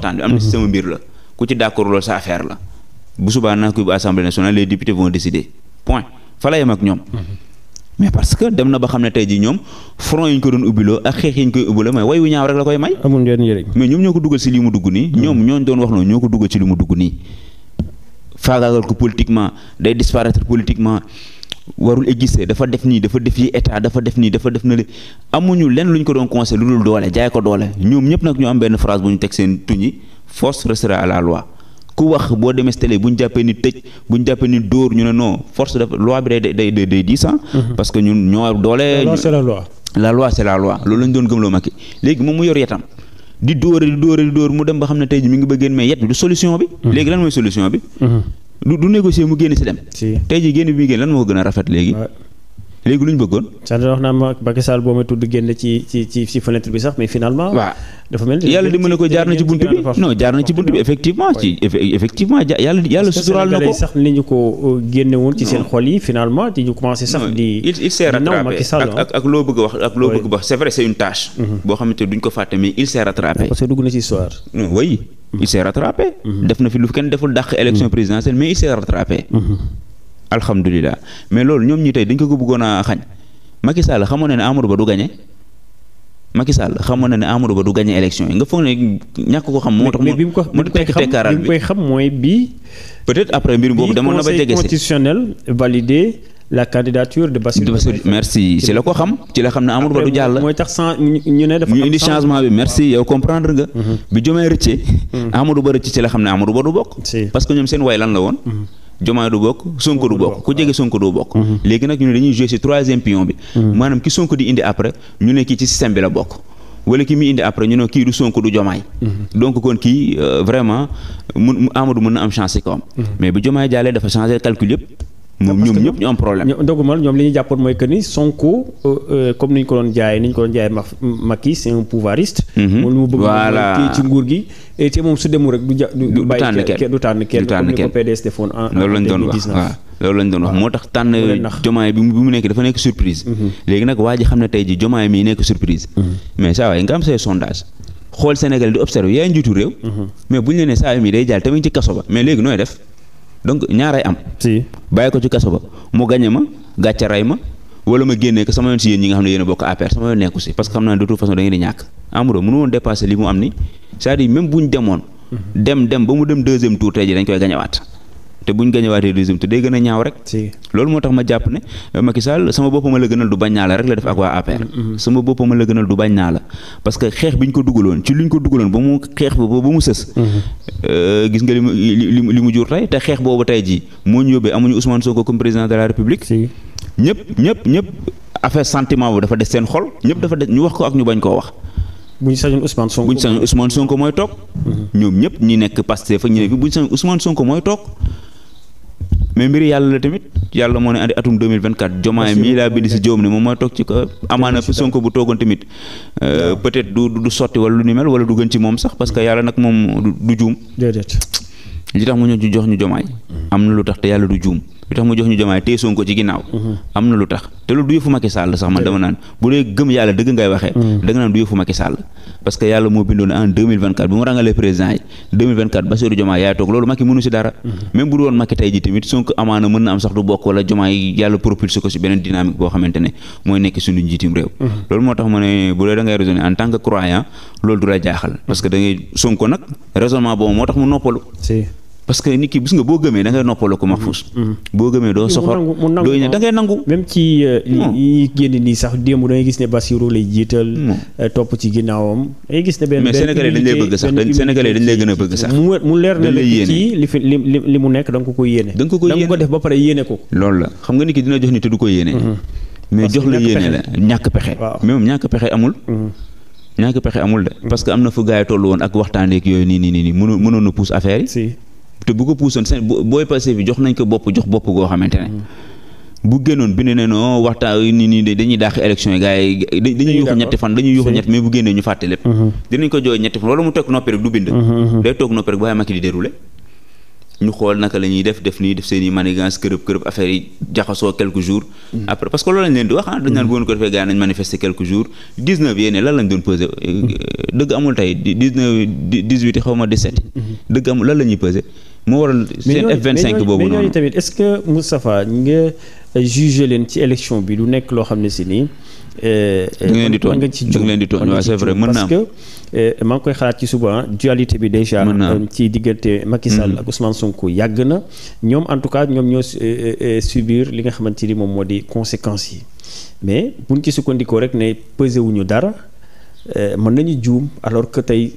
waxtaan bi am na si mhm. sama mbir la ku ci d'accord loolu sa affaire la bu subaa naa ko bu assemblée nationale les députés vont décider point fa ak ñoom mhm. mais parce que dem na ba xam ne tey ji ñoom front yi ñu ko doon ubbiloo ak xeex yi ñu koy ubbiloo mais way ñaaw rek la koy may mais ñoom ñoo ko dugal si li mu dugg nii mhm. ñoom ñooñ doon wax noonu ñoo ko dugal ci li mu dugg nii faagaagal ko politiquement day disparaître politiquement warul exister dafa def nii dafa def yi état dafa def nii dafa def na li amuñu lenn lu ko doon conseil lu dul doole jaay ko doole ñoom ñëpp nag ñoo am benn phrase bu ñu teg seen tuñ yi force restera à loi ku bu ñu jàppee ni tëj bu ñu jàppee ni dóor ñu ne non force dafa loi bi day day day mhm. ñoo doole. la loi c'est la loi. la loi c'est la loi loolu la ñu doon gëmloo léegi moom mu yor yetam di dóore di dóore di dóor mu dem ba xam ne tey ji mi ngi bëggeen mais yet bi du solution bi. Mhm. léegi lan mooy solution bi. Mhm. du du négocier mu génn si dem. si tey jii génn bi muy génn lan moo gën a rafet léegi. léegi lu ñu bëggoon. c'est-à-dire wax naa ma Macky Sall boo ma tudd génn ci ci ci bi sax mais finalement. yàlla di mën a ko jaar na ci bunt bi non jaar na ci bunt bi effectivement ko. sax ni ñu ko euh, génne ci seen xol yi finalement di ñu commencé sax di. il il s'est ak loo bëgg wax ak loo bëgg a wax c'est vrai c'est une tâche. Mhm. boo xamante duñ ko fàtte mais il s'est rattrapé. parce dugg na ci histoire. oui il mhm. s'est rattrapé. Mhm. def na fi lu kenn deful dàq élection présidentielle mais alhamdulilah mais loolu ñoom ñi tey dañ ko ko bëggoon a xañ Macky Sall xamoon na ne amaru Ba du gagné Macky Sall xamoon na ne Amadou Ba du gagné élection yi nga foog ne ñàkk ko xam. moo tax mu mu tekk tekkaaral bi koy xam mooy bii. peut-être boobu dama na ba jege si conseil constitutionnel la de Bassirou merci ci ko xam ci la xam ne Amadou Ba du jàll. mooy tax ñu ne dafa ñu indi changement bi merci yow comprendre nga. Mhm. bi jomee rëccee. Mhm. Amadou Ba rëcc ci xam ne Amadou Ba du bokk. parce que ñoom seen way lan la woon. Mhm. Jomaay du bokk Sonko du bokk ku jege Sonko du bokk mhm. léegi nag ñu ne dañuy jouer ci troisième pion bi mhm. maanaam ki Sonko di indi après ñu ne kii ci système bi la bokk wala ki muy indi après ñu ne kii du Sonko du Jomaay mhm. donc kon kii euh, vraiment mun Amadou mën na am chance ci kawam mais bu Jomaay jàllee dafa changer calcul yëpp moom ñoom ñëpp ñu am problème ndogumal ñoom li ñu jàppoon mooy que ni Sonko euh, euh, comme ni ñu ko doon jaayee ni ñu ko doon jaayee Macky c'est un pouvoiriste moom lu mu bëgg gi te su demul rek du ja du tànn kenn moo tax tànn jomaay bi mu nekk dafa nekk surprise mm-hmm. léegi nag waa xam ne tey ji jomaay mi nekk surprise mm-hmm. mais saa waay nga am say sondage xool Sénégal di observé yaay njiitu réew mm-hmm. mais bu ñu la nee saa mi day jàll tamit ci kaso ba mais léegi nooy def donc ñaaray am. si bàyyi ko ci kaso ba mu gañe ma gàcce ray ma wala ma génnee ko sama yoon si yéen ñi nga xam ne yéen a bokk APR sama yoon nekku si parce que xam naa ne de toute façon da ngeen di ñàkk. Amadou mënu woon dépasser li mu am ni c'est-à-dire bu ñu demoon. Mhm. dem dem ba mu dem deuxième tour tey ji dañ koy gañewaat te buñ gañewaatee deuxième te day gën a ñaaw rek. loolu moo tax ma jàpp ne euh, Macky Sall sama boppam la gënal du bañ naa la rek la def ak waa APR. Mm-hmm, mm-hmm. sama boppam la gënal du bañ naa la parce que xeex bi ko dugaloon ci li ñu ko dugaloon ba mu xeex ba ba mu mm-hmm. euh, nga li mu li mu jur tey te xeex boobu tey jii moo ñu yóbbee amuñu Ousmane Sonko comme président de la République. ñëpp ñëpp ñëpp affaire sentiment bu dafa des seen xol ñëpp dafa des ñu wax ko ak ñu bañ koo wax. bu ñu sañoon Ousmane Sonko bu ñu sañoon Ousmane Sonko mooy toog. ñoom ñëpp ñu nekk Pastef fa ñu ne bi bu ñu sañoon Ousmane Sonko mooy toog mais mbiri yàlla la tamit yàlla moo ne andi atum 2024 jomaay mii laa bind si joom ne moom mooy toog ci ko amaana Sonko bu toogoon tamit euh, peut du sotti wala lu ni mel du gën ci moom sax parce que yàlla nag moom du juum li tax mu ñu jox ñu jomaay mm. am na lu tax te yàlla du juum bi tax mu jox ñu jomaay tey Sonko ci ginnaaw mhm. am na lu tax te loolu du yëfu Macky Sall sax man dama bu dee gëm yàlla dëgg ngay waxee mhm. da naan du yëfu Macky Sall parce yàlla moo bindoon en 2024 bu mu rangalee président yi 2024 Bassirou Diomaye yaay toog loolu Macky mënu si dara mhm. même bu doon Macky tey ji tamit Sonko amaana mën na am sax du bokk wala Diomaye yàlla propulsé ko si beneen dynamique boo xamante ne parce que nit ki gis nga boo gëmee da ngay noppaloo ko Mahfouz. Mm-hmm. Mm-hmm. boo gëmee doo soxor doo nangu. même ci euh, yi génn nii sax démb da ngay gis ne Bassirou lay jiital. Euh, topp ci ginnaawam. mais sénégalais dañ lay bëgg sax mu leer na la ci li mu nekk da nga ko koy yéene. da nga ko yéene da nga ko def ba pare yéene ko. loolu la xam nga nit ki dina jox nit te du ko yéene. Mm-hmm. mais jox la yéene la ñàkk pexe. mais moom ñàkk pexe amul. ñàkk pexe amul de. parce que te bu ko puusoon seen booy passé bi jox nañ ko bopp jox bopp goo xamante ne. bu génnoon bi ne ne waxtaan ni nii dañuy dàq élection yi gars yi dañuy yuuxu ñetti fan dañuy yuuxu ñett mais bu génnee mm-hmm. ñetti fan wala mu toog noppi rek du bind. Mm-hmm. day toog noppi rek bàyyi Macky di déroulé. ñu xool naka la def def nii def seen i manigance kërëb kërëb affaire yi jaxasoo quelques jours. Mm-hmm. après parce que loolu leen di wax ah, dañ naan bu amul tey 19 moo waral seen F25 boobu noonu mais ñooñu est-ce que Moustapha nga euh, jugé leen ci élection bi du nekk loo xam ne si nii. Euh, da ngeen di nga ci jóg leen di tooñ waaw c'est vrai mën naa parce que euh, maa ngi koy xalaat ci suba dualité bi déjà. ci diggante Macky mm. Sall ak Ousmane Sonko yàgg na. ñoom en tout cas ñoom ñoo subir li nga xamante ni moom moo di conséquences yi mais buñ ci sukkandikoo rek ne pesé wuñu dara. Euh, mën nañu juum alors que tey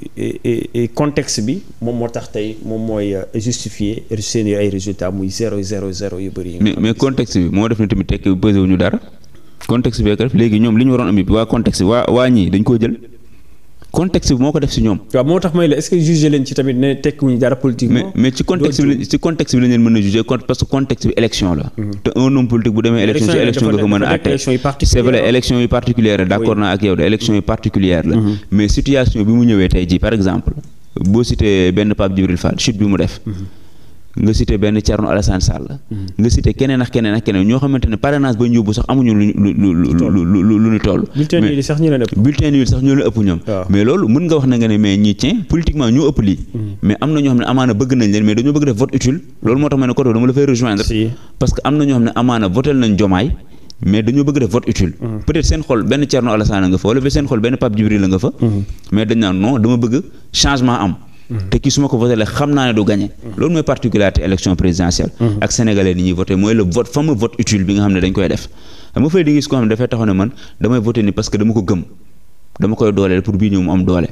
contexte bi moom moo tax tey moom mooy euh, justifier seen ay résultats muy zéro zéro zéro yu bëri. mais mais contexte bi moo def ne tamit tekki pesé wu ñu dara contexte bi def léegi ñoom li ñu waroon am yëpp waa contexte waa waa ñii dañ koo jël. contexte bi moo ko def si ñoom. moo tax may la est-ce que jugé leen ci tamit ne tekkuñu dara politique. mais mais ci contexte bi ci contexte bi lañ leen parce que contexte bi élection la. Mhm. te un homme politique bu demee élection ci élection nga ko mën a atte c'est vrai élection yu particulière la d'accord naa ak yow de élection yu particulière la. Mhm. mais situation bi mu ñëwee tey jii par exemple boo cité benn Pape Djibril Fall chute bi mu def. Mhm. nga cité benn Thierno Alassane Sall. Mm-hmm. nga cité keneen ak keneen ak keneen ñoo xamante ne parrainage ba ñu sax amuñu lu lu lu lu lu ñu toll. bulletin nul sax ñu sax ñu leen ëpp ñoom. mais loolu mën nga wax na nga ne mais ñi tiens politiquement ñoo ëpp lii. Mm-hmm. mais am na ñoo xam ne amaana bëgg nañ leen mais dañoo bëgg def vote utile. loolu moo tax ma ne côté dama la fay rejoindre. parce que am na ñoo xam ne amaana votel nañ Jomaay. mais dañoo bëgg def vote te ki su ma ko voté le xam naa ne du gagné mm-hmm. loolu mooy particularité élection présidentielle mm-hmm. ak sénégalais ni ñuy voté mooy le vote fameux vote utile bi nga xam ne dañ koy def xam nga fay di gis koo xam ne dafay taxaw ne man damay voté ni parce dama ko gëm dama koy dooleel pour bii ñëw mu am doole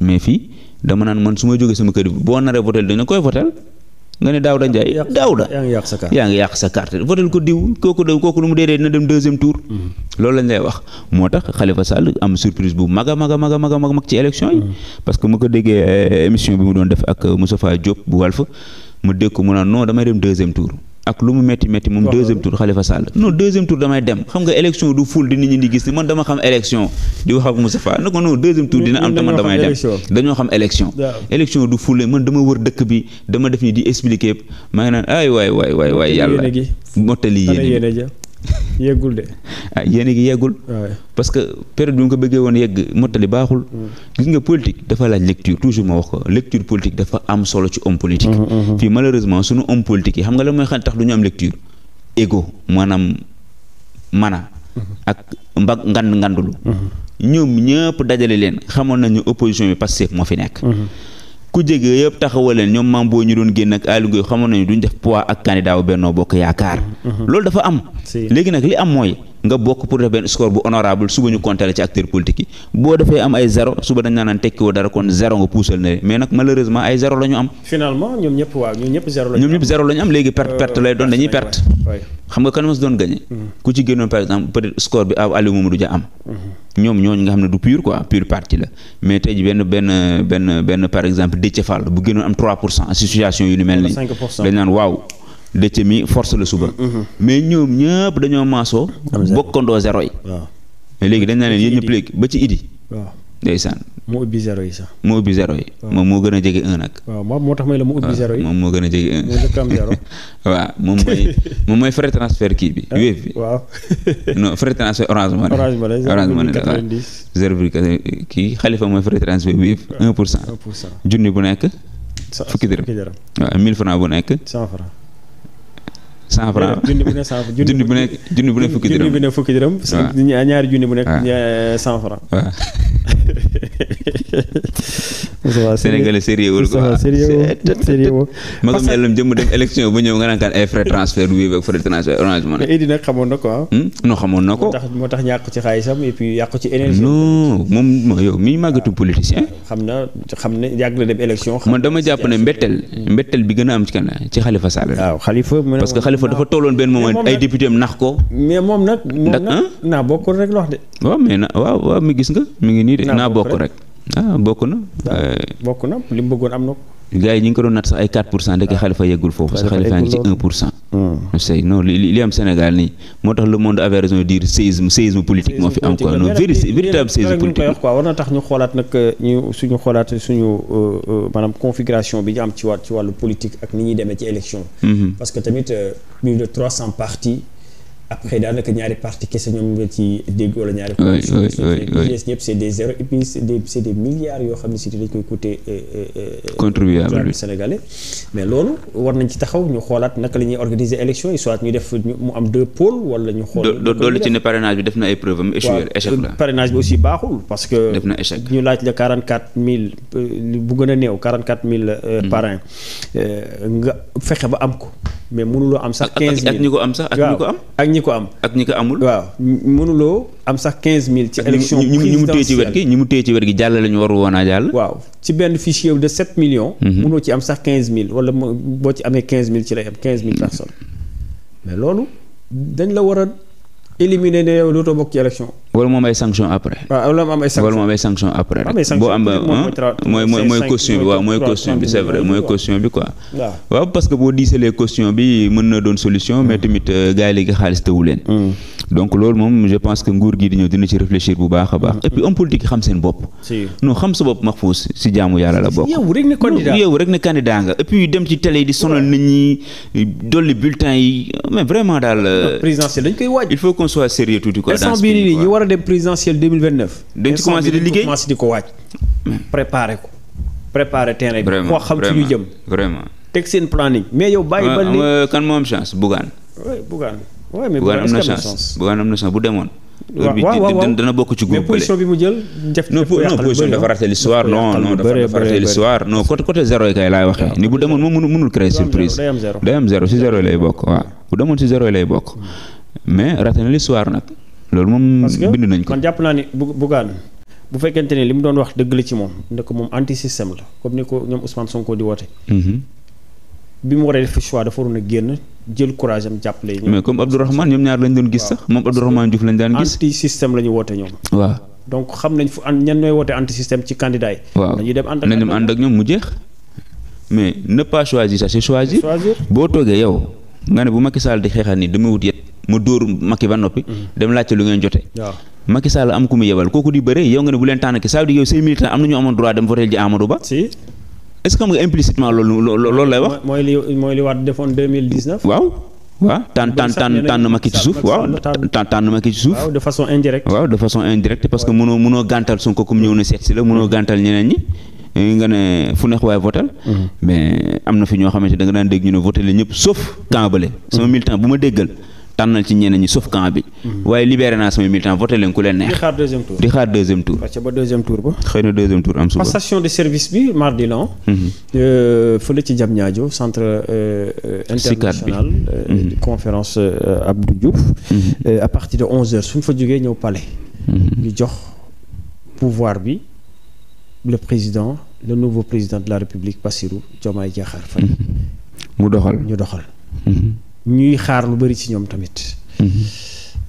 mais fii dama naan man su ma jógee sama kër boo naree voté dañ la koy voté nga ne Daouda Ndiaye Daouda yaa ngi yàq sa carte yaa ngi yàq sa carte votel ko diw kooku de kooku nu mu dee dee dina dem deuxième tour. Mm-hmm. loolu lañ lay wax moo tax Khalifa Sall am surprise bu mag a mag a mag a mag mag ci élection yi. Mm-hmm. parce que ma ko déggee eh, émission bi mu doon def ak Moustapha Diop bu Walf ma dégg ko mu naan non damay dem deuxième tour. ak lu mu métti métti moom deuxième tour Khalifa Sall non deuxième tour damay dem xam nga élection du ful di nit ñi di gis ni man dama xam élection di wax ak Moustapha ne ko non deuxième tour dina am dama damay dem dañoo xam élection élection du fule man dama wër dëkk bi dama def ni di expliquer yëpp maa naan ay waay waay waay yàlla mottali yéene yeggul de. ah yéen a yeggul. parce que période bi ko bëggee woon yegg mottali baaxul. Mm. gis nga politique dafa laaj lecture toujours ma wax ko lecture politique dafa am solo ci homme politique. Mm, mm, fii malheureusement sunu homme politique yi xam nga la mooy xam tax du ñu am lecture. ego maanaam mana. Mm-hmm. ak mba ngandu ngandulu mm-hmm. ñoom ñëpp dajale leen xamoon nañu opposition bi Pastef moo fi nekk. Mm-hmm. ku jege yëpp taxawaleen ñoom maam boo ñu doon génn ak Aliou xamoon nañu duñ def poids ak candidat wu Bokk Yaakaar. Mm-hmm. loolu dafa am. léegi nag li am mooy. nga bokk pour def benn score bu honorable suba ñu compté la ci acteur politique yi boo defee am ay zéro suba dañ naan tekki woo dara kon zéro nga puusal na mais nag malheureusement ay zéro la am. léegi perte euh, perte lay doon dañuy perte. xam nga kan doon gagné. Hmm. ku ci génnoon par exemple peut score bi Aliou Mamadou Dia am. Hmm. ñoom ñooñu nga xam ne du pur quoi pur parti la mais tey benn benn benn benn par exemple Déthié Fall bu génnoon am 3 pour cent association yu ni waaw dëcc mi force la suba. Mhm. mais ñoom ñëpp dañoo maasoo. bokkandoo zéro yi. waaw mais léegi dañ naa leen yéen ñëpp léegi ba ci idi. waaw ndeysaan. moo ubbi zéro yi sax. moo ubbi yi. moom moo gën a jege un nag. moom moo tax may la mu ubbi yi. moom moo gën a jege un. moo moom mooy moom mooy frais kii bi. wéef ah, bi waaw. non frais transfert orange money. orange money orange money la waaw. zéro kii xalifa mooy frais transfert wéef. un pour cent un pour cent junni bu nekk. fukki dërëm waaw mille francs bu nekk. cent cent franc junni bu ne cent junni bu ne junni bu ne fukki dërëm junni bu ne fukki dërëm. ñaari junni bu nekk cent franc. Moustapha Sénégalais sérieux wul quoi sérieux sérieux la yàlla jëm dem élection ba ñëw nga naan kan ay frais transfert wii ak frais transfert orange money Idy na quoi non na ko ah. hmm? moo tax ñàkk ci xaalisam et ci énergie non moom yow mi màggatu politicien xam na xam ne yàgg la dem élection man dama jàpp ne mbettel mbettel bi gën a am ci kan ci xalifa Sall waaw Khalifa parce que Khalifa dafa tolloon benn moment ay député am ko mais moom nag moom nag naa bokk rek la wax de waaw mais na waaw waaw gis nga mu ngi nii de naa bokk rek ah bokk na. Ah, euh, bokk na li mu bëggoon am na ko. gars yi ñu ngi ko doon natt sax ay 4 pour cent ndeke xalifa yeggul foofu. sax xalifa ngi ci 1 pour cent. Hmm. c'est li am Sénégal nii moo tax le monde avait raison de dire séisme séisme politique moo fi am quoi non véritable séisme politique wax quoi war na tax ñu xoolaat nag euh, ñu suñu xoolaat euh, am ci waat ci wàllu politique ak ni ñuy demee ci élection. Mm-hmm. parce que tamit plus après daanaka ñaari parti kese ñoom nga ci dégg wala ñaari coalition ñëpp yoo xam ne si dañ koy coûter euh, euh, euh, contribuable bi sénégalais mais loolu war nañ ci taxaw ñu xoolaat naka la ñuy organiser élection yi soit ñu def mu am deux pôles wala ñu xool doolu ci ne parrainage bi def na épreuve am échoué échec la parrainage bi aussi baaxul parce que def na ñu laaj la quarante quatre mille bu gën a néew quarante quatre mille mm-hmm. parrain nga fexe ba am ko mais mënuloo am sax. 15000 ak ñi ko am sax ak ñi ko am. ko am ak ñi ko amul. waaw mënuloo am sax 15000. ci ñi mu téye ci wet gi mu téye ci wer gi jàll la ñu waru woon a jàll. waaw ci benn fichier de 7 millions. Mhm. mënoo ci am sax 15000 wala boo ci amee 15000 ci lay am 15000 personnes mais loolu dañ la war a éliminer ne yow dootoo bokk ci élection. wala moom ay sanction après. Ah, waaw moom ay sanction après. boo am mooy mooy mooy bi c'est vrai mooy caution bi quoi. parce que boo diisalee caution bi mën na doon solution mais hmm. tamit euh, gars yi xaalis teewu hmm. donc loolu moom je pense que nguur gi di ñëw dina ci réfléchir bu baax a baax. Hmm. et politique xam seen bopp. non xam sa bopp Mahfouz si jaamu yàlla la bokk. yow rek ne candidat yow rek ne yi di sonal a dem présidentielle 2029. dañ ci commencé di liggéey préparé ko préparé terrain bi. vraiment xam ci ñu jëm. teg seen planning. mais yow bàyyi ba léegi kan moo am chance Bougane. oui am na chance Bougane am na chance bu demoon. waaw waaw waaw dana bokk ci groupe bële mais position bi dafa raté l'histoire non dafa raté l'histoire non côté côté zéro yi kay laay waxee. ni bu demoon moom mënul créer surprise. day am zéro si zéro lay bokk waaw bu demoon si zéro lay bokk. mais raté na l'histoire nag. loolu moom. parce que man jàpp naa ne bu bugaan bu fekkente ne li mu doon wax dëgg la ci moom ne ko moom anti système la comme ni ko ñoom Ousmane Sonko di woote. Mhm. bi mu waree def choix dafa waroon a génn jël courage am jàppale. mais comme Abdourahmane ñaar lañ doon gis sax moom Abdourahmane Diouf lañ daan gis. anti système la ñu woote ñoom. waaw donc xam nañ fu an ñan ñooy woote anti système ci candidat yi. waaw dañuy dem ànd ak ñoom ànd ak ñoom mu jeex. mais ne pas choisir boo toogee yow nga ne bu Macky Sall di xeexal ni dama wut yet ma dóor Macky ba noppi. Mm-hmm. dem laajte lu ngeen jotee. waaw Macky Sall am ku mu yebal kooku di bëre yow nga ne bu leen tànn ki saa di yow say militant am na ñu amoon droit dem voter ji Amadou Ba. si xam parce que mënoo mënoo gàntal Sonko comme ñëw na seet si la eh, ne fu mm-hmm. da nga daan dégg ñu ne voté la ñëpp sauf Kambale. Mm-hmm. sama militant bu ma déggal. tànnal ci ñeneen ñi sauf camp bi. Mm-hmm. waaye libéré naa samay militant voté leen ku leen neex. di xaar deuxième tour di xaar deuxième tour. parce que ba deuxième tour ba. xëy na deuxième tour am suba. passation de service bi mardi la. Mm-hmm. Euh, fële ci Diamniadio euh, euh, mm-hmm. à partir de onze suñ fa jógee ñëw palais. ñu jox pouvoir bi le président le nouveau président de la république Bassirou Diomaye Diakhar Faye. mu doxal ñu doxal. ñuy xaar lu bari ci ñoom tamit. Mhm.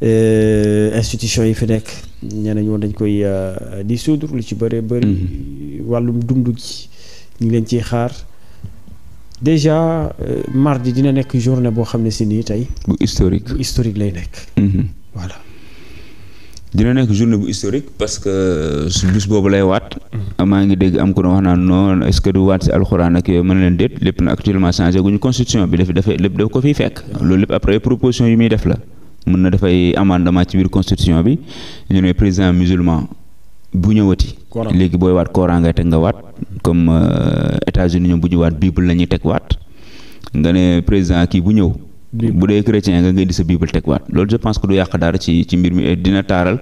Euh, institution yi fi nekk nee nañ woon dañ koy di euh, dissoudre lu ci bëree bëri. Mhm. wàllum dund ji ñu ngi leen ciy xaar. déjà euh, mardi dina nekk journée boo xam ne si nii tey. bu historique bu historique lay nekk. Mhm. voilà. dina nekk journée bu historique parce que euh, su bis boobu lay waat. maa ngi dégg am ko doon wax naan non est-ce que du waat si alxuraan ak yooyu mën leen déet lépp na actuellement changé guñu constitution bi dafa dafay lépp daf ko fi fekk. loolu lépp après proposition yi muy def la mën na dafay amendement ci biir constitution bi ñu ne président musulman bu ñëwati. léegi booy waat Coran ngay teg nga waat comme euh, États-Unis ñoom bu ñu waat Bible la ñuy teg waat nga ne président kii bu ñëw. bu dee chrétien nga ngay di sa bible teg waat loolu je pense que du yàq dara ci ci mbir mi eh, dina taaral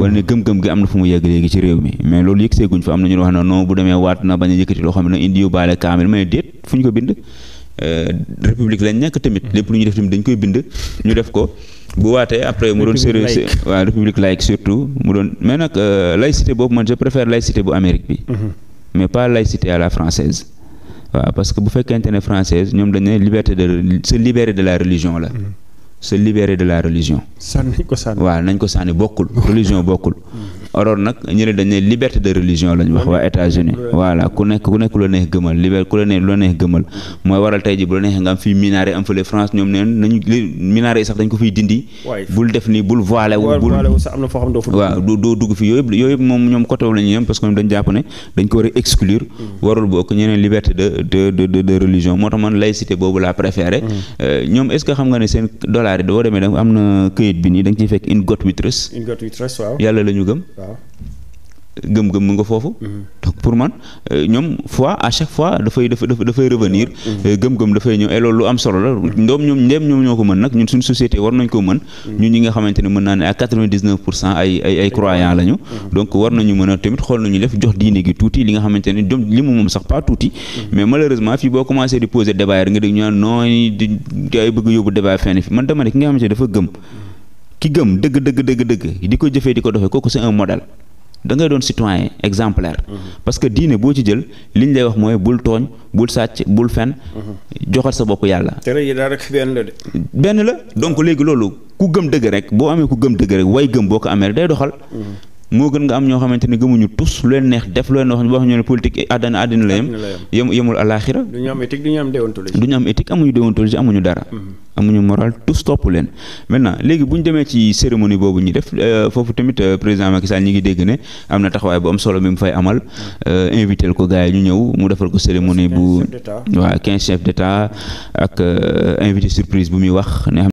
wala ne gëm-gëm gi am na fu mu yegg léegi ci réew mi mais loolu yëg seeguñ fa am na ñu wax ne non bu demee waat na bañ a yëkkati loo xam ne indi yu baale kaamil ma déet fu ñu ko bind euh, république lañ nekk tamit mm. lépp lu ñu def tamit dañ koy bind ñu def ko bu waatee après mu doon sérieux waaw république laïque surtout mu doon mais nag euh, mm-hmm. la waaw parce que bu fekkente ne française ñoom dañ ne liberté de se libérer de la religion la. Mm. se libérer de la religion. sànni ko sànni waaw nañ ko sànni bokkul religion bokkul. Mm. alors nag ñu dañ ne liberté de religion lañ wax waa États-Unis voilà ku nekk ku nekk lu neex gëmal liberté ku la neex lu neex gëmal mooy waral tey ji bu la neexee nga am nii bul voilé wu ñoom côté boobu la ñuy que a exclure mm. warul bokk ñeneen liberté de religion moo tax man lay laïcité boobu laa préféré mm. euh, ñoom est-ce que xam nga ne seen dollar yi boo demee da am na këyit bi nii da nga ciy fekk in God we trust yàlla la ñu gëm gëm-gëm mu nga foofu. Mm-hmm. donc pour man euh, ñoom fois à chaque fois dafay dafay dafay revenir. Mm-hmm. Euh, gëm-gëm dafay ñëw et loolu lu am solo la. ndoom ñoom ndeem ñoom ñoo ko mën nag ñun suñu société war nañ ko mën. Mm-hmm. ñun ñi nga xamante ne mën naa ne à quatre-vingt-dix-neuf pour cent ay ay ay croyants lañu. donc war nañu mën a tamit xool nañu def jox diine gi tuuti li nga xamante ne jom li mu moom sax pas tuuti. mais malheureusement fii boo commencé di poser débat nga dégg ñu naan nooy di ay bëgg yóbbu débat fenn man dama ne ki nga xamante ne ki gëm dëgg dëgg dëgg dëgg di ko jëfee di ko doxee kooku c'est un modèle da ngay doon citoyen exemplaire. Mhm. parce que diine boo ci jël liñ lay wax mooy bul tooñ bul sàcc bul fen mhm. joxal sa bopp yàlla. tere yi daal rek benn la de. benn la donc léegi loolu ku gëm dëgg rek boo amee ku gëm dëgg rek way gëm boo ko amee day doxal. Mhm. moo gën nga am ñoo xamante ni gëmuñu tus lu leen neex def lu leen wax boo xam ne politique àddina àddina la yem yem yemul àllaaxira du ñu am éthique du ñu am déontologie. du ñu am éthique amuñu déontologie mm-hmm. tus topp leen. maintenant léegi bu ñu demee ci cérémonie boobu ñu def euh, foofu tamit euh, président Macky Sall ñi ngi dégg ne am na taxawaay bu am solo bi mu fay amal mm-hmm. euh, invité ko gars yi ñu ñëw mu defal ko cérémonie bu. waaw 15 chefs d' état ak invité surprise bu muy wax ne.